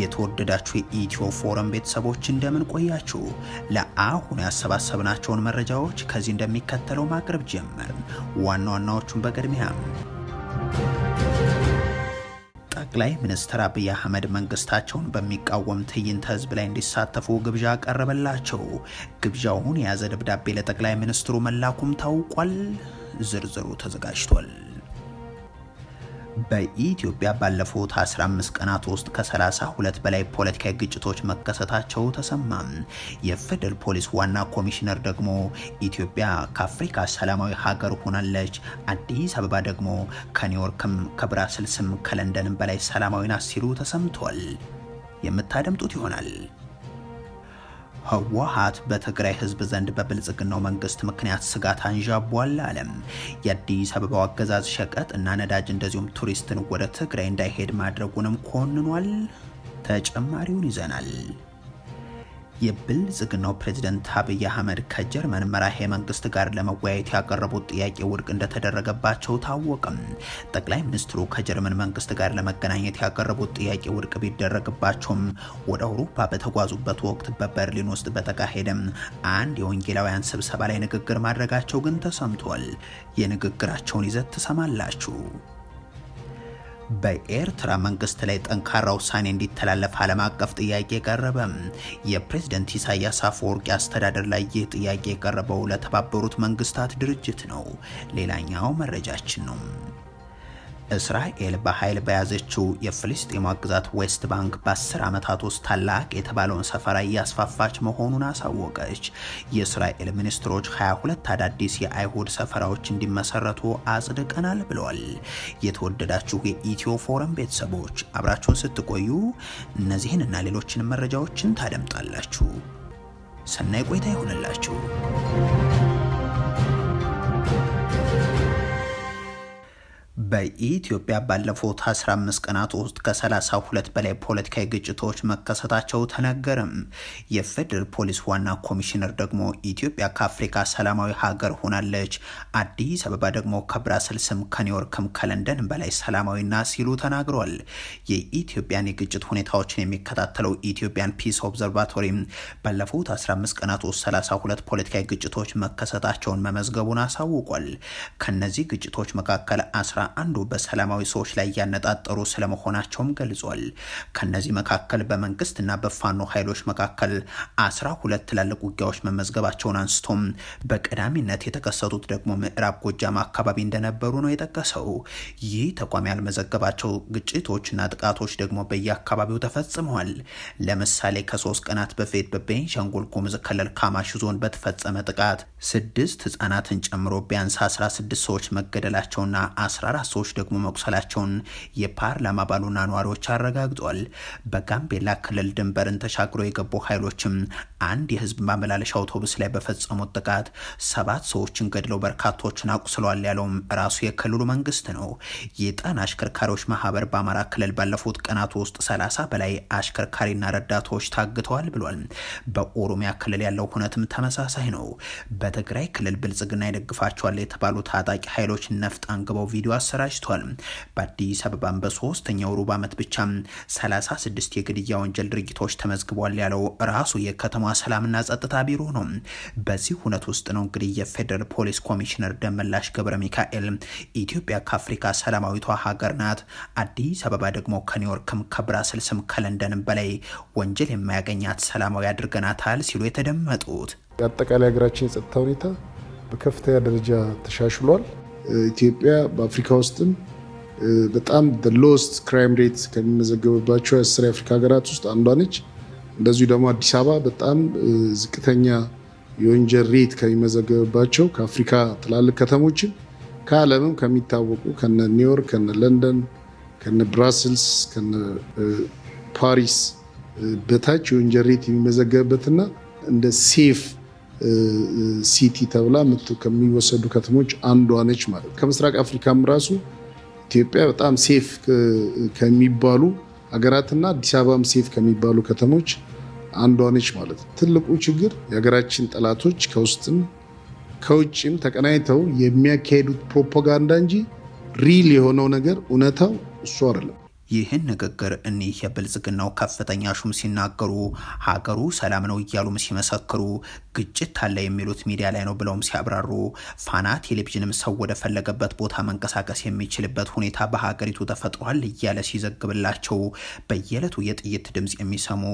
የተወደዳችሁ የኢትዮ ፎረም ቤተሰቦች እንደምን ቆያችሁ? ለአሁን ያሰባሰብናቸውን መረጃዎች ከዚህ እንደሚከተለው ማቅረብ ጀመር። ዋና ዋናዎቹን በቅድሚያ ጠቅላይ ሚኒስትር አብይ አህመድ መንግስታቸውን በሚቃወም ትዕይንተ ህዝብ ላይ እንዲሳተፉ ግብዣ ቀረበላቸው። ግብዣውን የያዘ ደብዳቤ ለጠቅላይ ሚኒስትሩ መላኩም ታውቋል። ዝርዝሩ ተዘጋጅቷል። በኢትዮጵያ ባለፉት 15 ቀናት ውስጥ ከ32 በላይ ፖለቲካዊ ግጭቶች መከሰታቸው ተሰማ። የፌደራል ፖሊስ ዋና ኮሚሽነር ደግሞ ኢትዮጵያ ከአፍሪካ ሰላማዊ ሀገር ሆናለች፣ አዲስ አበባ ደግሞ ከኒውዮርክም ከብራስልስም ከለንደንም በላይ ሰላማዊ ናት ሲሉ ተሰምቷል። የምታደምጡት ይሆናል። ህወሓት በትግራይ ህዝብ ዘንድ በብልጽግናው መንግስት ምክንያት ስጋት አንዣቧል አለም። የአዲስ አበባው አገዛዝ ሸቀጥ እና ነዳጅ እንደዚሁም ቱሪስትን ወደ ትግራይ እንዳይሄድ ማድረጉንም ኮንኗል። ተጨማሪውን ይዘናል። የብልጽግናው ፕሬዝደንት አብይ አህመድ ከጀርመን መራሄ መንግስት ጋር ለመወያየት ያቀረቡት ጥያቄ ውድቅ እንደተደረገባቸው ታወቅም። ጠቅላይ ሚኒስትሩ ከጀርመን መንግስት ጋር ለመገናኘት ያቀረቡት ጥያቄ ውድቅ ቢደረግባቸውም ወደ አውሮፓ በተጓዙበት ወቅት በበርሊን ውስጥ በተካሄደም አንድ የወንጌላውያን ስብሰባ ላይ ንግግር ማድረጋቸው ግን ተሰምቷል። የንግግራቸውን ይዘት ትሰማላችሁ። በኤርትራ መንግስት ላይ ጠንካራ ውሳኔ እንዲተላለፍ ዓለም አቀፍ ጥያቄ ቀረበ። የፕሬዝደንት ኢሳያስ አፈወርቂ አስተዳደር ላይ ይህ ጥያቄ የቀረበው ለተባበሩት መንግስታት ድርጅት ነው። ሌላኛው መረጃችን ነው። እስራኤል በኃይል በያዘችው የፍልስጤማ ግዛት ዌስት ባንክ በ10 ዓመታት ውስጥ ታላቅ የተባለውን ሰፈራ እያስፋፋች መሆኑን አሳወቀች። የእስራኤል ሚኒስትሮች 22 አዳዲስ የአይሁድ ሰፈራዎች እንዲመሰረቱ አጽድቀናል ብለዋል። የተወደዳችሁ የኢትዮ ፎረም ቤተሰቦች አብራችሁን ስትቆዩ እነዚህንና ሌሎችንም መረጃዎችን ታደምጣላችሁ። ሰናይ ቆይታ ይሆንላችሁ። በኢትዮጵያ ባለፉት 15 ቀናት ውስጥ ከ32 በላይ ፖለቲካዊ ግጭቶች መከሰታቸው ተነገርም። የፌዴራል ፖሊስ ዋና ኮሚሽነር ደግሞ ኢትዮጵያ ከአፍሪካ ሰላማዊ ሀገር ሆናለች፣ አዲስ አበባ ደግሞ ከብራስልስም ከኒውዮርክም ከለንደን በላይ ሰላማዊና ሲሉ ተናግሯል። የኢትዮጵያን የግጭት ሁኔታዎችን የሚከታተለው ኢትዮጵያን ፒስ ኦብዘርቫቶሪ ባለፉት 15 ቀናት ውስጥ 32 ፖለቲካዊ ግጭቶች መከሰታቸውን መመዝገቡን አሳውቋል። ከነዚህ ግጭቶች መካከል አንዱ በሰላማዊ ሰዎች ላይ እያነጣጠሩ ስለመሆናቸውም ገልጿል። ከነዚህ መካከል በመንግስትና በፋኖ ኃይሎች መካከል አስራ ሁለት ትላልቅ ውጊያዎች መመዝገባቸውን አንስቶም በቀዳሚነት የተከሰቱት ደግሞ ምዕራብ ጎጃም አካባቢ እንደነበሩ ነው የጠቀሰው። ይህ ተቋም ያልመዘገባቸው ግጭቶችና ጥቃቶች ደግሞ በየአካባቢው ተፈጽመዋል። ለምሳሌ ከሶስት ቀናት በፊት በቤንሻንጉል ጉሙዝ ክልል ካማሽ ዞን በተፈጸመ ጥቃት ስድስት ህጻናትን ጨምሮ ቢያንስ 16 ሰዎች መገደላቸውና 14 ሰዎች ደግሞ መቁሰላቸውን የፓርላማ አባሉና ነዋሪዎች አረጋግጧል። በጋምቤላ ክልል ድንበርን ተሻግሮ የገቡ ኃይሎችም አንድ የህዝብ ማመላለሻ አውቶቡስ ላይ በፈጸሙት ጥቃት ሰባት ሰዎችን ገድለው በርካቶችን አቁስለዋል ያለውም ራሱ የክልሉ መንግስት ነው። የጣና አሽከርካሪዎች ማህበር በአማራ ክልል ባለፉት ቀናት ውስጥ ሰላሳ በላይ አሽከርካሪና ረዳቶች ታግተዋል ብሏል። በኦሮሚያ ክልል ያለው ሁነትም ተመሳሳይ ነው። በትግራይ ክልል ብልጽግና ይደግፋቸዋል የተባሉ ታጣቂ ኃይሎች ነፍጥ አንግበው ቪዲዮ ተሰራጭቷል። በአዲስ አበባም በሶስተኛው ሩብ ዓመት ብቻ 36 የግድያ ወንጀል ድርጊቶች ተመዝግቧል ያለው ራሱ የከተማ ሰላምና ጸጥታ ቢሮ ነው። በዚህ ሁነት ውስጥ ነው እንግዲህ የፌዴራል ፖሊስ ኮሚሽነር ደመላሽ ገብረ ሚካኤል ኢትዮጵያ ከአፍሪካ ሰላማዊቷ ሀገር ናት፣ አዲስ አበባ ደግሞ ከኒውዮርክም ከብራስልስም ከለንደንም በላይ ወንጀል የማያገኛት ሰላማዊ አድርገናታል ሲሉ የተደመጡት አጠቃላይ ሀገራችን የጸጥታ ሁኔታ በከፍተኛ ደረጃ ተሻሽሏል። ኢትዮጵያ በአፍሪካ ውስጥም በጣም ሎስት ክራይም ሬት ከሚመዘገብባቸው አስር የአፍሪካ ሀገራት ውስጥ አንዷ ነች። እንደዚሁ ደግሞ አዲስ አበባ በጣም ዝቅተኛ የወንጀል ሬት ከሚመዘገብባቸው ከአፍሪካ ትላልቅ ከተሞችን ከዓለምም ከሚታወቁ ከነ ኒውዮርክ፣ ከነ ለንደን፣ ከነ ብራስልስ፣ ከነ ፓሪስ በታች የወንጀል ሬት የሚመዘገብበትና እንደ ሴፍ ሲቲ ተብላ ከሚወሰዱ ከተሞች አንዷ ነች ማለት ነው። ከምስራቅ አፍሪካም ራሱ ኢትዮጵያ በጣም ሴፍ ከሚባሉ ሀገራትና አዲስ አበባም ሴፍ ከሚባሉ ከተሞች አንዷ ነች ማለት ነው። ትልቁ ችግር የሀገራችን ጠላቶች ከውስጥም ከውጭም ተቀናይተው የሚያካሄዱት ፕሮፓጋንዳ እንጂ ሪል የሆነው ነገር እውነታው እሱ አይደለም። ይህን ንግግር እኒህ የብልጽግናው ከፍተኛ ሹም ሲናገሩ ሀገሩ ሰላም ነው እያሉም ሲመሰክሩ ግጭት አለ የሚሉት ሚዲያ ላይ ነው ብለውም ሲያብራሩ ፋና ቴሌቪዥንም ሰው ወደፈለገበት ቦታ መንቀሳቀስ የሚችልበት ሁኔታ በሀገሪቱ ተፈጥሯል እያለ ሲዘግብላቸው በየዕለቱ የጥይት ድምፅ የሚሰሙ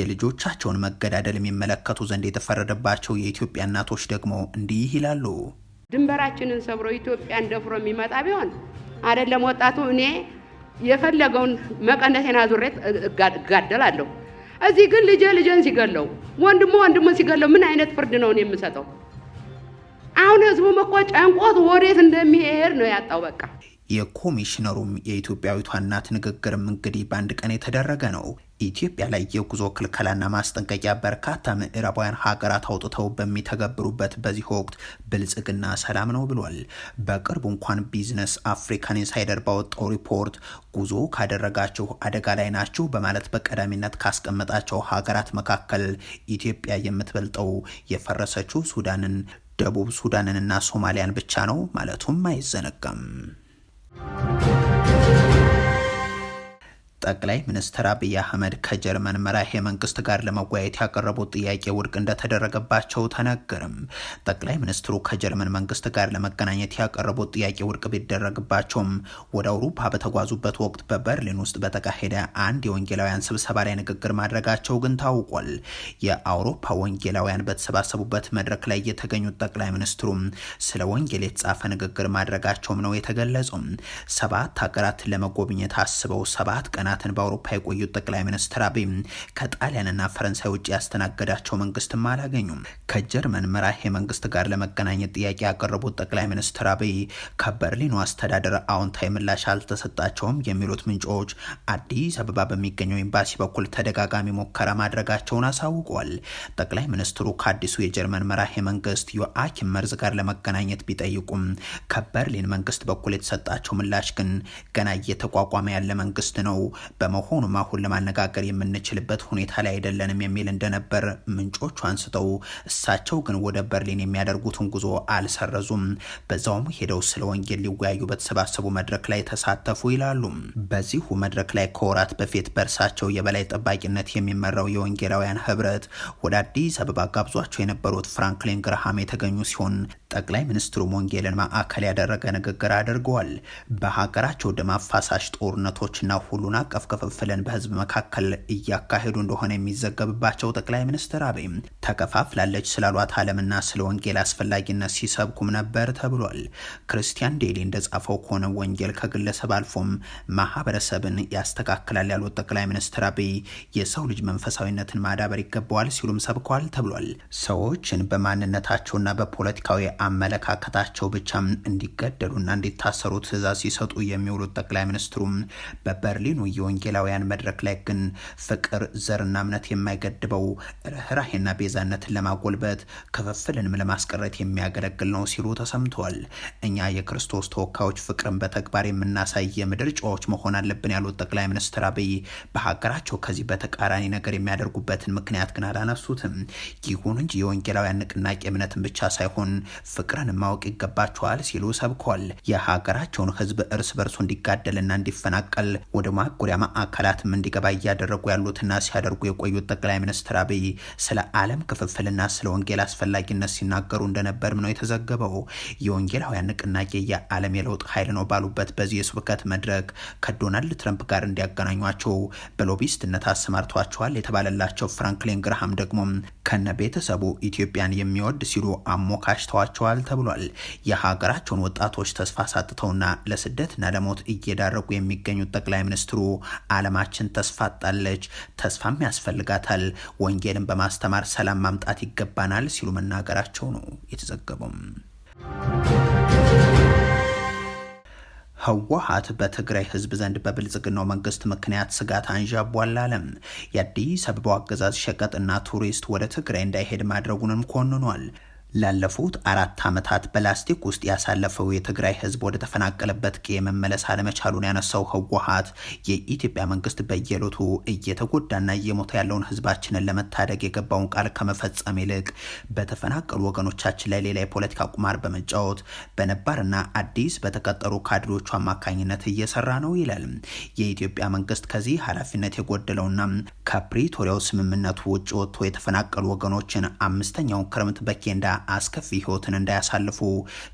የልጆቻቸውን መገዳደል የሚመለከቱ ዘንድ የተፈረደባቸው የኢትዮጵያ እናቶች ደግሞ እንዲህ ይላሉ። ድንበራችንን ሰብሮ ኢትዮጵያን ደፍሮ የሚመጣ ቢሆን አይደለም ወጣቱ እኔ የፈለገውን መቀነቴን አዙሬ እጋደላለሁ። እዚህ ግን ልጄ ልጄን ሲገለው፣ ወንድሞ ወንድሞ ሲገለው ምን አይነት ፍርድ ነው የምሰጠው? አሁን ህዝቡ እኮ ጨንቆት ወዴት እንደሚሄድ ነው ያጣው። በቃ የኮሚሽነሩም የኢትዮጵያዊቷ እናት ንግግርም እንግዲህ በአንድ ቀን የተደረገ ነው። ኢትዮጵያ ላይ የጉዞ ክልከላና ማስጠንቀቂያ በርካታ ምዕራባውያን ሀገራት አውጥተው በሚተገብሩበት በዚህ ወቅት ብልጽግና ሰላም ነው ብሏል። በቅርቡ እንኳን ቢዝነስ አፍሪካን ኢንሳይደር ባወጣው ሪፖርት ጉዞ ካደረጋችሁ አደጋ ላይ ናችሁ በማለት በቀዳሚነት ካስቀመጣቸው ሀገራት መካከል ኢትዮጵያ የምትበልጠው የፈረሰችው ሱዳንን፣ ደቡብ ሱዳንንና ሶማሊያን ብቻ ነው ማለቱም አይዘነጋም። ጠቅላይ ሚኒስትር አብይ አህመድ ከጀርመን መራሄ መንግስት ጋር ለመወያየት ያቀረቡት ጥያቄ ውድቅ እንደተደረገባቸው ተነገርም። ጠቅላይ ሚኒስትሩ ከጀርመን መንግስት ጋር ለመገናኘት ያቀረቡት ጥያቄ ውድቅ ቢደረግባቸውም ወደ አውሮፓ በተጓዙበት ወቅት በበርሊን ውስጥ በተካሄደ አንድ የወንጌላውያን ስብሰባ ላይ ንግግር ማድረጋቸው ግን ታውቋል። የአውሮፓ ወንጌላውያን በተሰባሰቡበት መድረክ ላይ የተገኙት ጠቅላይ ሚኒስትሩም ስለ ወንጌል የተጻፈ ንግግር ማድረጋቸውም ነው የተገለጸው። ሰባት ሀገራት ለመጎብኘት አስበው ሰባት ቀናት ቀናትን በአውሮፓ የቆዩት ጠቅላይ ሚኒስትር አብይ ከጣሊያንና ፈረንሳይ ውጭ ያስተናገዳቸው መንግስትም አላገኙም። ከጀርመን መራሄ መንግስት ጋር ለመገናኘት ጥያቄ ያቀረቡት ጠቅላይ ሚኒስትር አብይ ከበርሊኑ አስተዳደር አዎንታዊ ምላሽ አልተሰጣቸውም የሚሉት ምንጮች አዲስ አበባ በሚገኘው ኤምባሲ በኩል ተደጋጋሚ ሙከራ ማድረጋቸውን አሳውቋል። ጠቅላይ ሚኒስትሩ ከአዲሱ የጀርመን መራሄ መንግስት ዮአኪም መርዝ ጋር ለመገናኘት ቢጠይቁም ከበርሊን መንግስት በኩል የተሰጣቸው ምላሽ ግን ገና እየተቋቋመ ያለ መንግስት ነው በመሆኑም አሁን ለማነጋገር የምንችልበት ሁኔታ ላይ አይደለንም የሚል እንደነበር ምንጮቹ አንስተው እሳቸው ግን ወደ በርሊን የሚያደርጉትን ጉዞ አልሰረዙም። በዛውም ሄደው ስለ ወንጌል ሊወያዩ በተሰባሰቡ መድረክ ላይ ተሳተፉ ይላሉ። በዚሁ መድረክ ላይ ከወራት በፊት በእርሳቸው የበላይ ጠባቂነት የሚመራው የወንጌላውያን ህብረት ወደ አዲስ አበባ ጋብዟቸው የነበሩት ፍራንክሊን ግርሃም የተገኙ ሲሆን ጠቅላይ ሚኒስትሩ ወንጌልን ማዕከል ያደረገ ንግግር አድርገዋል። በሀገራቸው ደም አፋሳሽ ጦርነቶችና ሁሉን አቀፍ ክፍፍልን በህዝብ መካከል እያካሄዱ እንደሆነ የሚዘገብባቸው ጠቅላይ ሚኒስትር አብይ ተከፋፍላለች ስላሏት ዓለምና ስለ ወንጌል አስፈላጊነት ሲሰብኩም ነበር ተብሏል። ክርስቲያን ዴሊ እንደጻፈው ከሆነ ወንጌል ከግለሰብ አልፎም ማህበረሰብን ያስተካክላል ያሉት ጠቅላይ ሚኒስትር አብይ የሰው ልጅ መንፈሳዊነትን ማዳበር ይገባዋል ሲሉም ሰብከዋል ተብሏል። ሰዎችን በማንነታቸውና በፖለቲካዊ አመለካከታቸው ብቻም እንዲገደሉና እንዲታሰሩ ትእዛዝ ሲሰጡ የሚውሉት ጠቅላይ ሚኒስትሩም በበርሊኑ የወንጌላውያን መድረክ ላይ ግን ፍቅር ዘርና እምነት የማይገድበው ርኅራሄና ቤዛነትን ለማጎልበት ክፍፍልንም ለማስቀረት የሚያገለግል ነው ሲሉ ተሰምተዋል። እኛ የክርስቶስ ተወካዮች ፍቅርን በተግባር የምናሳይ የምድር ጨዋዎች መሆን አለብን ያሉት ጠቅላይ ሚኒስትር አብይ በሀገራቸው ከዚህ በተቃራኒ ነገር የሚያደርጉበትን ምክንያት ግን አላነሱትም። ይሁን እንጂ የወንጌላውያን ንቅናቄ እምነትን ብቻ ሳይሆን ፍቅርን ማወቅ ይገባቸዋል ሲሉ ሰብኳል። የሀገራቸውን ህዝብ እርስ በርሱ እንዲጋደልና እንዲፈናቀል ወደ ማጎሪያ ማዕከላትም እንዲገባ እያደረጉ ያሉትና ሲያደርጉ የቆዩት ጠቅላይ ሚኒስትር አብይ ስለ ዓለም ክፍፍልና ስለ ወንጌል አስፈላጊነት ሲናገሩ እንደነበርም ነው የተዘገበው። የወንጌላውያን ንቅናቄ የዓለም የለውጥ ኃይል ነው ባሉበት በዚህ የስብከት መድረክ ከዶናልድ ትረምፕ ጋር እንዲያገናኟቸው በሎቢስትነት አሰማርቷቸዋል የተባለላቸው ፍራንክሊን ግርሃም ደግሞ ከነ ቤተሰቡ ኢትዮጵያን የሚወድ ሲሉ አሞካሽተዋቸው ተገኝተዋል ተብሏል። የሀገራቸውን ወጣቶች ተስፋ ሳጥተውና ለስደትና ለሞት እየዳረጉ የሚገኙት ጠቅላይ ሚኒስትሩ አለማችን ተስፋ አጣለች፣ ተስፋም ያስፈልጋታል፣ ወንጌልን በማስተማር ሰላም ማምጣት ይገባናል ሲሉ መናገራቸው ነው የተዘገበው። ህወሀት በትግራይ ህዝብ ዘንድ በብልጽግናው መንግስት ምክንያት ስጋት አንዣቧል አለም። የአዲስ አበባው አገዛዝ ሸቀጥና ቱሪስት ወደ ትግራይ እንዳይሄድ ማድረጉንም ኮንኗል። ላለፉት አራት ዓመታት በላስቲክ ውስጥ ያሳለፈው የትግራይ ህዝብ ወደ ተፈናቀለበት ጊዜ መመለስ አለመቻሉን ያነሳው ህወሓት የኢትዮጵያ መንግስት በየሎቱ እየተጎዳና እየሞተ ያለውን ህዝባችንን ለመታደግ የገባውን ቃል ከመፈጸም ይልቅ በተፈናቀሉ ወገኖቻችን ላይ ሌላ የፖለቲካ ቁማር በመጫወት በነባርና አዲስ በተቀጠሩ ካድሬዎቹ አማካኝነት እየሰራ ነው ይላል። የኢትዮጵያ መንግስት ከዚህ ኃላፊነት የጎደለውና ከፕሪቶሪያው ስምምነቱ ውጭ ወጥቶ የተፈናቀሉ ወገኖችን አምስተኛውን ክረምት በኬንዳ አስከፊ ህይወትን እንዳያሳልፉ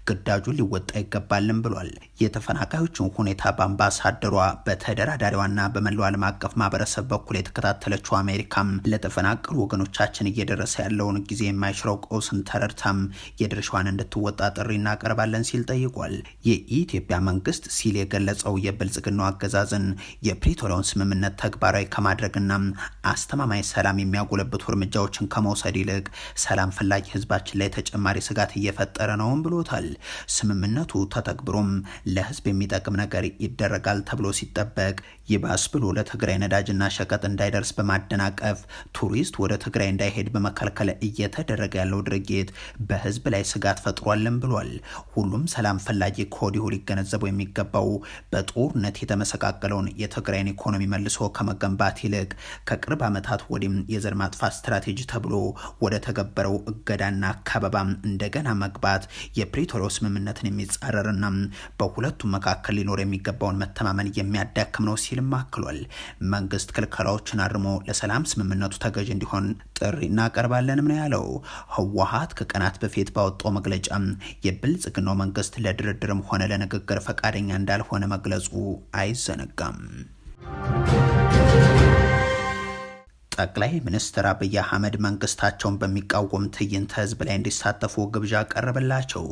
ግዳጁ ሊወጣ ይገባልን ብሏል። የተፈናቃዮችን ሁኔታ በአምባሳደሯ በተደራዳሪዋና በመላው ዓለም አቀፍ ማህበረሰብ በኩል የተከታተለችው አሜሪካም ለተፈናቀሉ ወገኖቻችን እየደረሰ ያለውን ጊዜ የማይሽረው ቀውስን ተረድታም የድርሻዋን እንድትወጣ ጥሪ እናቀርባለን ሲል ጠይቋል። የኢትዮጵያ መንግስት ሲል የገለጸው የብልጽግናው አገዛዝን የፕሪቶሪያውን ስምምነት ተግባራዊ ከማድረግና አስተማማኝ ሰላም የሚያጎለብቱ እርምጃዎችን ከመውሰድ ይልቅ ሰላም ፈላጊ ህዝባችን ላይ ተጨማሪ ስጋት እየፈጠረ ነውም ብሎታል። ስምምነቱ ተተግብሮም ለህዝብ የሚጠቅም ነገር ይደረጋል ተብሎ ሲጠበቅ ይባስ ብሎ ለትግራይ ነዳጅና ሸቀጥ እንዳይደርስ በማደናቀፍ ቱሪስት ወደ ትግራይ እንዳይሄድ በመከልከል እየተደረገ ያለው ድርጊት በህዝብ ላይ ስጋት ፈጥሯልም ብሏል። ሁሉም ሰላም ፈላጊ ከወዲሁ ሊገነዘበው የሚገባው በጦርነት የተመሰቃቀለውን የትግራይን ኢኮኖሚ መልሶ ከመገንባት ይልቅ ከቅርብ ዓመታት ወዲህም የዘር ማጥፋት ስትራቴጂ ተብሎ ወደ ተገበረው እገዳና አካባቢ አበባ እንደገና መግባት የፕሪቶሪያው ስምምነትን የሚጻረርና በሁለቱም መካከል ሊኖር የሚገባውን መተማመን የሚያዳክም ነው ሲልም አክሏል። መንግስት ክልከላዎችን አርሞ ለሰላም ስምምነቱ ተገዥ እንዲሆን ጥሪ እናቀርባለንም ነው ያለው። ህወሀት ከቀናት በፊት ባወጣው መግለጫ የብልጽግናው መንግስት ለድርድርም ሆነ ለንግግር ፈቃደኛ እንዳልሆነ መግለጹ አይዘነጋም። ጠቅላይ ሚኒስትር አብይ አህመድ መንግስታቸውን በሚቃወም ትዕይንተ ህዝብ ላይ እንዲሳተፉ ግብዣ ቀረበላቸው።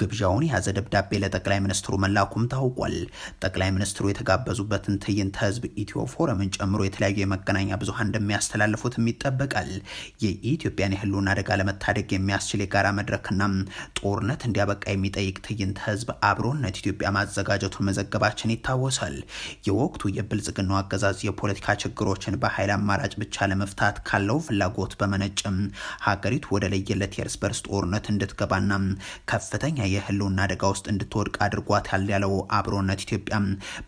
ግብዣውን የያዘ ደብዳቤ ለጠቅላይ ሚኒስትሩ መላኩም ታውቋል። ጠቅላይ ሚኒስትሩ የተጋበዙበትን ትዕይንተ ህዝብ ኢትዮ ፎረምን ጨምሮ የተለያዩ የመገናኛ ብዙሃን እንደሚያስተላልፉትም ይጠበቃል። የኢትዮጵያን የህልውና አደጋ ለመታደግ የሚያስችል የጋራ መድረክና ጦርነት እንዲያበቃ የሚጠይቅ ትዕይንተ ህዝብ አብሮነት ኢትዮጵያ ማዘጋጀቱን መዘገባችን ይታወሳል። የወቅቱ የብልጽግናው አገዛዝ የፖለቲካ ችግሮችን በኃይል አማራጭ ብቻ ለመፍታት ካለው ፍላጎት በመነጭም ሀገሪቱ ወደ ለየለት የእርስ በርስ ጦርነት እንድትገባና ከፍተኛ የህልውና አደጋ ውስጥ እንድትወድቅ አድርጓታል ያለው አብሮነት ኢትዮጵያ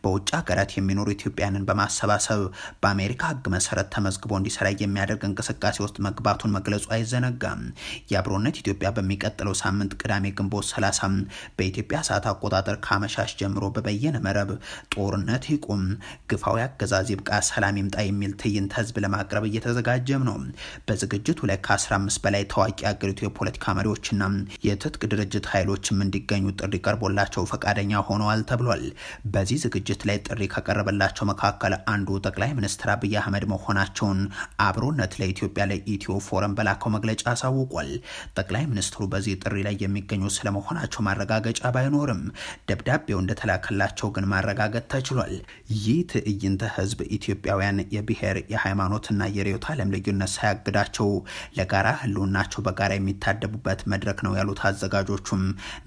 በውጭ ሀገራት የሚኖሩ ኢትዮጵያንን በማሰባሰብ በአሜሪካ ህግ መሰረት ተመዝግቦ እንዲሰራ የሚያደርግ እንቅስቃሴ ውስጥ መግባቱን መግለጹ አይዘነጋም። የአብሮነት ኢትዮጵያ በሚቀጥለው ሳምንት ቅዳሜ ግንቦት 30 በኢትዮጵያ ሰዓት አቆጣጠር ከአመሻሽ ጀምሮ በበየነ መረብ ጦርነት ይቁም፣ ግፋዊ አገዛዝ ይብቃ፣ ሰላም ይምጣ የሚል ትዕይንት ህዝብ ለማቅረብ እየተዘጋጀም ነው። በዝግጅቱ ላይ ከ15 በላይ ታዋቂ አገሪቱ የፖለቲካ መሪዎችና የትጥቅ ድርጅት ኃይሎችም እንዲገኙ ጥሪ ቀርቦላቸው ፈቃደኛ ሆነዋል ተብሏል። በዚህ ዝግጅት ላይ ጥሪ ከቀረበላቸው መካከል አንዱ ጠቅላይ ሚኒስትር አብይ አህመድ መሆናቸውን አብሮነት ለኢትዮጵያ ለኢትዮ ፎረም በላከው መግለጫ አሳውቋል። ጠቅላይ ሚኒስትሩ በዚህ ጥሪ ላይ የሚገኙ ስለመሆናቸው ማረጋገጫ ባይኖርም ደብዳቤው እንደተላከላቸው ግን ማረጋገጥ ተችሏል። ይህ ትዕይንተ ህዝብ ኢትዮጵያውያን የብሔር የሃይማኖትና የርዕዮተ ዓለም ልዩነት ሳያግዳቸው ለጋራ ህልውናቸው በጋራ የሚታደቡበት መድረክ ነው ያሉት አዘጋጆቹም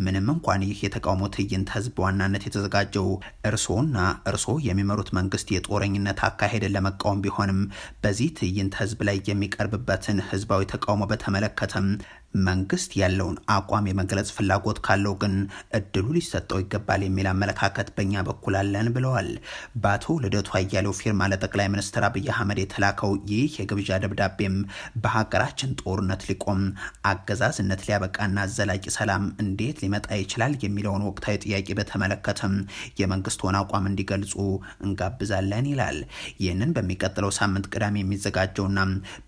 ምንም እንኳን ይህ የተቃውሞ ትዕይንት ህዝብ በዋናነት የተዘጋጀው እርስዎና እርስዎ የሚመሩት መንግስት የጦረኝነት አካሄድን ለመቃወም ቢሆንም በዚህ ትዕይንት ህዝብ ላይ የሚቀርብበትን ህዝባዊ ተቃውሞ በተመለከተም መንግስት ያለውን አቋም የመግለጽ ፍላጎት ካለው ግን እድሉ ሊሰጠው ይገባል የሚል አመለካከት በእኛ በኩል አለን ብለዋል። በአቶ ልደቱ አያሌው ፊርማ ለጠቅላይ ሚኒስትር አብይ አህመድ የተላከው ይህ የግብዣ ደብዳቤም በሀገራችን ጦርነት ሊቆም አገዛዝነት ሊያበቃና ዘላቂ ሰላም እንዴት ሊመጣ ይችላል የሚለውን ወቅታዊ ጥያቄ በተመለከተም የመንግስትን አቋም እንዲገልጹ እንጋብዛለን ይላል። ይህንን በሚቀጥለው ሳምንት ቅዳሜ የሚዘጋጀውና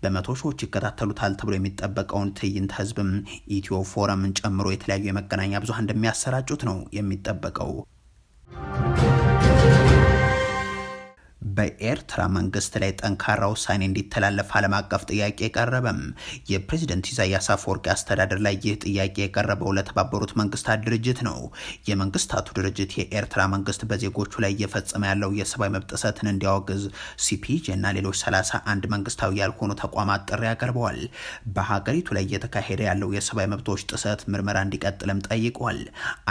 በመቶ ሺዎች ይከታተሉታል ተብሎ የሚጠበቀውን ትዕይንተ ህዝብ ህዝብም ኢትዮ ፎረምን ጨምሮ የተለያዩ የመገናኛ ብዙሃን እንደሚያሰራጩት ነው የሚጠበቀው። በኤርትራ መንግስት ላይ ጠንካራ ውሳኔ እንዲተላለፍ ዓለም አቀፍ ጥያቄ ቀረበም። የፕሬዚደንት ኢሳያስ አፈወርቂ አስተዳደር ላይ ይህ ጥያቄ የቀረበው ለተባበሩት መንግስታት ድርጅት ነው። የመንግስታቱ ድርጅት የኤርትራ መንግስት በዜጎቹ ላይ እየፈጸመ ያለው የሰብአዊ መብት ጥሰትን እንዲያወግዝ ሲፒጄ እና ሌሎች 31 መንግስታዊ ያልሆኑ ተቋማት ጥሪ አቅርበዋል። በሀገሪቱ ላይ እየተካሄደ ያለው የሰብአዊ መብቶች ጥሰት ምርመራ እንዲቀጥልም ጠይቋል።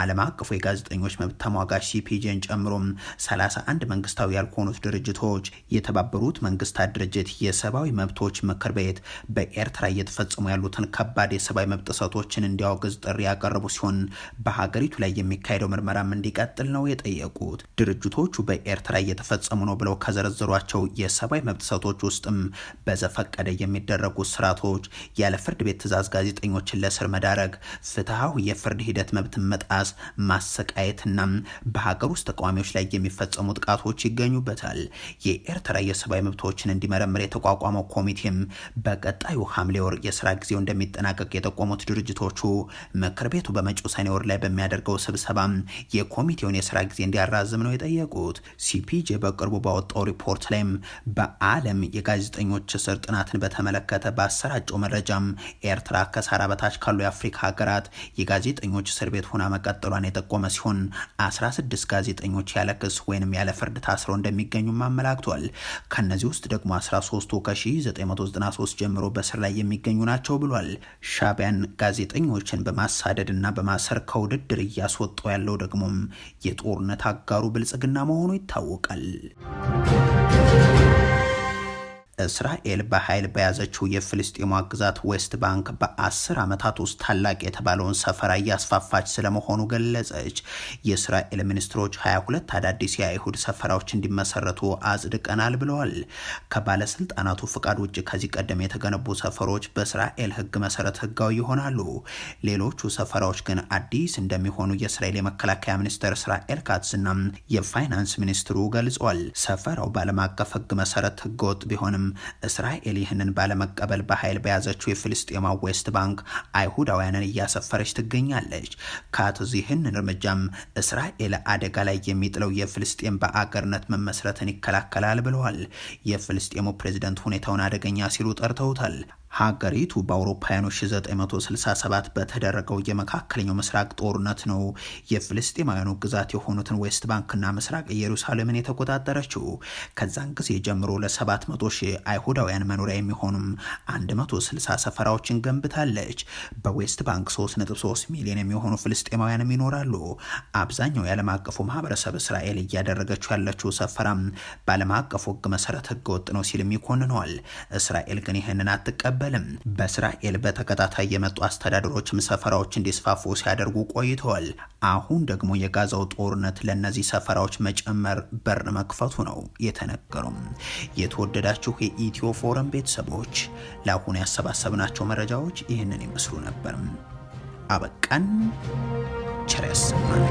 ዓለም አቀፉ የጋዜጠኞች መብት ተሟጋች ሲፒጄን ጨምሮም 31 መንግስታዊ ያልሆኑት ድርጅት ድርጅቶች፣ የተባበሩት መንግስታት ድርጅት የሰብአዊ መብቶች ምክር ቤት በኤርትራ እየተፈጸሙ ያሉትን ከባድ የሰብአዊ መብት ጥሰቶችን እንዲያወግዝ ጥሪ ያቀረቡ ሲሆን በሀገሪቱ ላይ የሚካሄደው ምርመራም እንዲቀጥል ነው የጠየቁት። ድርጅቶቹ በኤርትራ እየተፈጸሙ ነው ብለው ከዘረዘሯቸው የሰብአዊ መብት ጥሰቶች ውስጥም በዘፈቀደ የሚደረጉ ስርዓቶች፣ ያለ ፍርድ ቤት ትእዛዝ ጋዜጠኞችን ለስር መዳረግ፣ ፍትሐዊ የፍርድ ሂደት መብት መጣስ፣ ማሰቃየትና በሀገር ውስጥ ተቃዋሚዎች ላይ የሚፈጸሙ ጥቃቶች ይገኙበታል። የኤርትራ የሰብአዊ መብቶችን እንዲመረምር የተቋቋመው ኮሚቴም በቀጣዩ ሐምሌ ወር የስራ ጊዜው እንደሚጠናቀቅ የጠቆሙት ድርጅቶቹ ምክር ቤቱ በመጪው ሰኔ ወር ላይ በሚያደርገው ስብሰባ የኮሚቴውን የስራ ጊዜ እንዲያራዝም ነው የጠየቁት። ሲፒጄ በቅርቡ ባወጣው ሪፖርት ላይም በዓለም የጋዜጠኞች እስር ጥናትን በተመለከተ ባሰራጨው መረጃም ኤርትራ ከሳራ በታች ካሉ የአፍሪካ ሀገራት የጋዜጠኞች እስር ቤት ሆና መቀጠሏን የጠቆመ ሲሆን 16 ጋዜጠኞች ያለ ክስ ወይንም ያለ ፍርድ ታስረው እንደሚገኙ መሆኑንም አመላክቷል። ከእነዚህ ውስጥ ደግሞ 13ቱ ከ1993 ጀምሮ በስር ላይ የሚገኙ ናቸው ብሏል። ሻቢያን ጋዜጠኞችን በማሳደድ እና በማሰር ከውድድር እያስወጣው ያለው ደግሞም የጦርነት አጋሩ ብልጽግና መሆኑ ይታወቃል። እስራኤል በኃይል በያዘችው የፍልስጤሟ ግዛት ዌስት ባንክ በአስር ዓመታት ውስጥ ታላቅ የተባለውን ሰፈራ እያስፋፋች ስለመሆኑ ገለጸች። የእስራኤል ሚኒስትሮች 22 አዳዲስ የአይሁድ ሰፈራዎች እንዲመሰረቱ አጽድቀናል ብለዋል። ከባለስልጣናቱ ፍቃድ ውጭ ከዚህ ቀደም የተገነቡ ሰፈሮች በእስራኤል ሕግ መሰረት ሕጋዊ ይሆናሉ። ሌሎቹ ሰፈራዎች ግን አዲስ እንደሚሆኑ የእስራኤል የመከላከያ ሚኒስትር እስራኤል ካትስና የፋይናንስ ሚኒስትሩ ገልጿል። ሰፈራው በዓለም አቀፍ ሕግ መሰረት ሕገወጥ ቢሆንም እስራኤል ይህንን ባለመቀበል በኃይል በያዘችው የፍልስጤማ ዌስት ባንክ አይሁዳውያንን እያሰፈረች ትገኛለች። ካትዝ ይህንን እርምጃም እስራኤል አደጋ ላይ የሚጥለው የፍልስጤም በአገርነት መመስረትን ይከላከላል ብለዋል። የፍልስጤሙ ፕሬዚደንት ሁኔታውን አደገኛ ሲሉ ጠርተውታል። ሀገሪቱ በአውሮፓውያኑ 1967 በተደረገው የመካከለኛው ምስራቅ ጦርነት ነው የፍልስጤማውያኑ ግዛት የሆኑትን ዌስት ባንክና ምስራቅ ኢየሩሳሌምን የተቆጣጠረችው። ከዛን ጊዜ ጀምሮ ለ700 ሺህ አይሁዳውያን መኖሪያ የሚሆኑም 160 ሰፈራዎችን ገንብታለች። በዌስት ባንክ 3.3 ሚሊዮን የሚሆኑ ፍልስጤማውያንም ይኖራሉ። አብዛኛው የዓለም አቀፉ ማህበረሰብ እስራኤል እያደረገችው ያለችው ሰፈራም በዓለም አቀፉ ህግ መሰረት ህገወጥ ነው ሲልም ይኮንነዋል። እስራኤል ግን ይህንን አትቀበል አይባልም። በእስራኤል በተከታታይ የመጡ አስተዳደሮችም ሰፈራዎች እንዲስፋፉ ሲያደርጉ ቆይተዋል። አሁን ደግሞ የጋዛው ጦርነት ለእነዚህ ሰፈራዎች መጨመር በር መክፈቱ ነው የተነገሩም። የተወደዳችሁ የኢትዮ ፎረም ቤተሰቦች ለአሁኑ ያሰባሰብናቸው መረጃዎች ይህንን ይመስሉ ነበር። አበቃን። ቸር ያሰማን።